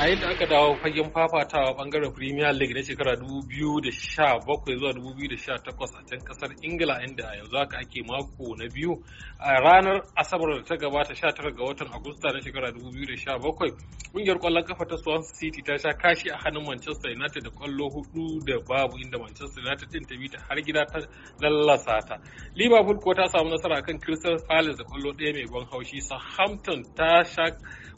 a yadda aka dawo fagen fafatawa bangaren premier league na shekara 2017 zuwa 2018 a can kasar ingila inda yanzu haka ake mako na biyu a ranar asabar da ta gabata 19 ga watan agusta na shekara 2017 kungiyar kwallon kafa ta swansea city ta sha kashi a hannun manchester united da kwallo hudu da babu inda manchester united din ta bi ta har gida ta lallasa ta liverpool ko ta samu nasara akan crystal palace da kwallo ɗaya mai ban haushi southampton ta sha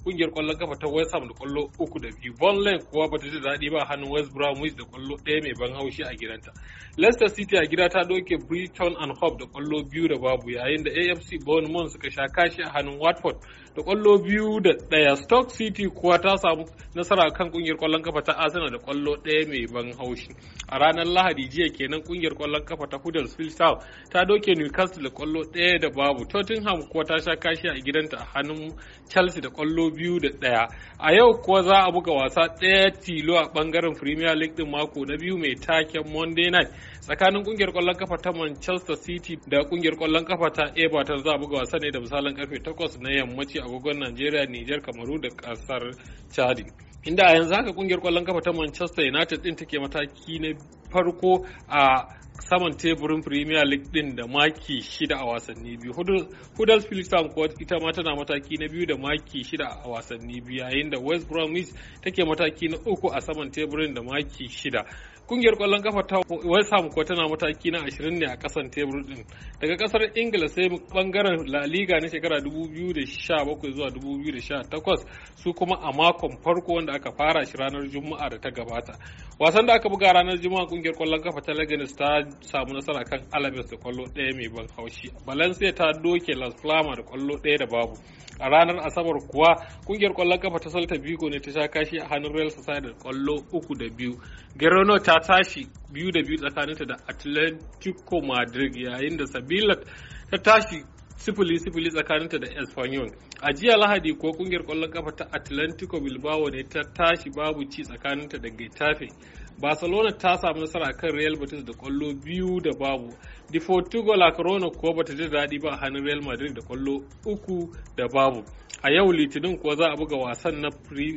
kungiyar kwallon kafa ta west ham da kwallo uku uku da biyu Burnley kuwa bata ji daɗi ba hannun West Bromwich da kwallo ɗaya mai ban haushi a gidanta. Leicester City a gida ta doke Brighton and Hope da kwallo biyu da babu yayin da AFC Bournemouth suka sha kashi a hannun Watford da kwallo biyu da ɗaya. Stoke City kuwa ta samu nasara kan kungiyar kwallon kafa ta Arsenal da kwallo ɗaya mai ban haushi. A ranar Lahadi jiya kenan kungiyar kwallon kafa ta Huddersfield Town ta doke Newcastle da kwallo ɗaya da babu. Tottenham kuwa ta sha kashi a gidanta a hannun Chelsea da kwallo biyu da ɗaya. A yau kuwa za za a buga wasa ɗaya tilo a ɓangaren premier league din mako na biyu mai taken monday night tsakanin ƙungiyar kwallon kafa ta manchester city da ƙungiyar kwallon kafa ta everton za a buga wasa ne da misalin karfe 8 na yammaci a agogon nigeria niger kamaru da kasar chadi inda a yanzu haka kungiyar kwallon kafa ta Manchester United din take mataki na farko a saman teburin Premier League din da maki shida a wasanni biyu. Huddersfield Town kuwa ita ma tana mataki na biyu da maki shida a wasanni biyu yayin da West Bromwich take mataki na uku a saman teburin da maki shida. kungiyar kwallon kafa ta West Ham ko tana mataki na 20 ne a kasan tebur din daga kasar Ingila sai bangaren La Liga na shekara 2017 zuwa 2018 su kuma a makon farko wanda aka fara shi ranar Juma'a da ta gabata wasan da aka buga ranar Juma'a kungiyar kwallon kafa ta Leganes ta samu nasara kan Alaves da kwallo daya mai ban haushi Valencia ta doke Las Palmas da kwallo daya da babu a ranar Asabar kuwa kungiyar kwallon kafa ta Celta Vigo ne ta sha kashi a hannun Real Sociedad kwallo uku da biyu Girona ta ta tashi biyu da biyu tsakaninta da Atletico Madrid yayin da sabila ta tashi sifili sifili tsakaninta da espanyol a jiya lahadi ko kungiyar kwallon kafa ta atlantico bilbao ne ta tashi babu ci tsakaninta da getafe barcelona ta samu nasara a kan real betis da kwallo biyu da babu di portugal la corona ko bata ji daɗi ba a hannun real madrid da kwallo uku da babu a yau litinin kuwa za a buga wasan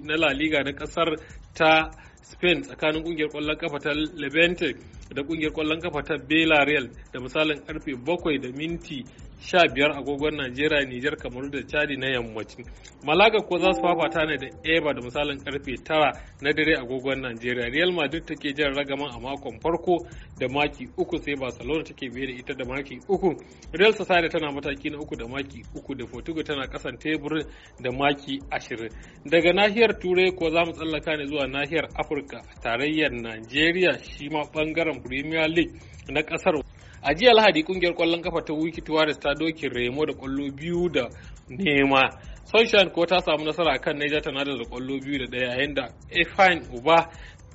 na la liga na ƙasar ta spain tsakanin kungiyar kwallon kafa ta levante da kungiyar kwallon kafa ta villarreal da misalin karfe 7 da minti sha biyar agogon najeriya nijar kamaru da chadi na yammaci malaga ko za su fafata ne da eba da misalin karfe tara na dare agogon najeriya real madrid take jan ragaman a makon farko da maki uku sai barcelona take biye da ita da maki uku real society tana mataki na uku da maki uku da portugal tana kasan tebur da maki ashirin daga nahiyar turai ko za mu tsallaka ne zuwa nahiyar afirka tarayyar najeriya shi ma bangaren premier league na kasar a jiya lahadi kungiyar kwallon kafa ta wiki tuwaris ta dokin remo da kwallo biyu da nema sunshine ko ta samu nasara akan niger tana da kwallo biyu da daya yayin da efine uba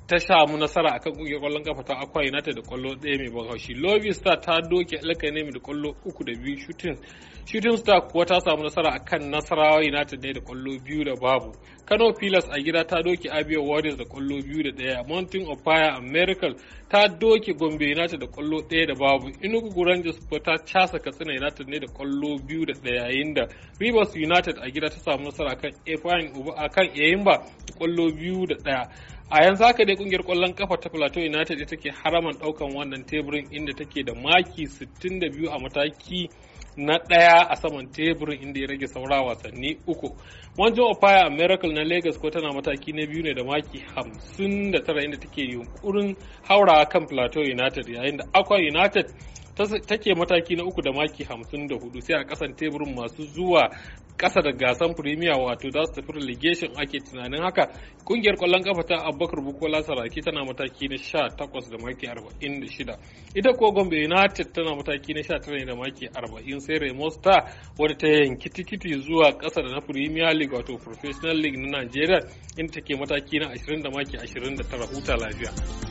ta samu nasara akan kungiyar kwallon kafa ta Akwa United da kwallo ɗaya mai ban haushi. Lobby Star ta doke Alkanemi da kwallo uku da biyu Shooting. Shooting Star kuwa ta samu nasara akan Nasarawa United ne da kwallo biyu da babu. Kano Pilas a gida ta doke Abia Warriors da kwallo biyu da ɗaya. Mountain of Fire a Miracle ta doke Gombe United da kwallo ɗaya da babu. Inugu Rangers kuwa ta casa Katsina United ne da kwallo biyu da ɗaya yayin da Rivers United a gida ta samu nasara akan Efrain Uba yayin ba da kwallo biyu da ɗaya. A yanzu haka dai kungiyar kwallon kafa ta Plateau United ita ke haraman daukan wannan teburin inda take da maki 62 a mataki na ɗaya a saman teburin inda ya rage saura wasanni uku. Wanjo Opaya a Miracle na Lagos ko tana mataki na biyu ne da maki 59 inda take yunkurin haura kan Plateau United yayin da aqua United take mataki na uku da maki hamsin da hudu sai a kasan teburin masu zuwa kasa da gasan premier wato za su tafi relegation ake tunanin haka kungiyar kwallon kafa ta abubakar bukola saraki tana mataki na sha takwas da maki arba'in da shida ita ko gombe united tana mataki na sha tara da maki arba'in sai remo star wadda ta yanki tikiti zuwa kasa da na premier league wato professional league na nigeria inda take mataki na ashirin da maki ashirin da tara huta lafiya.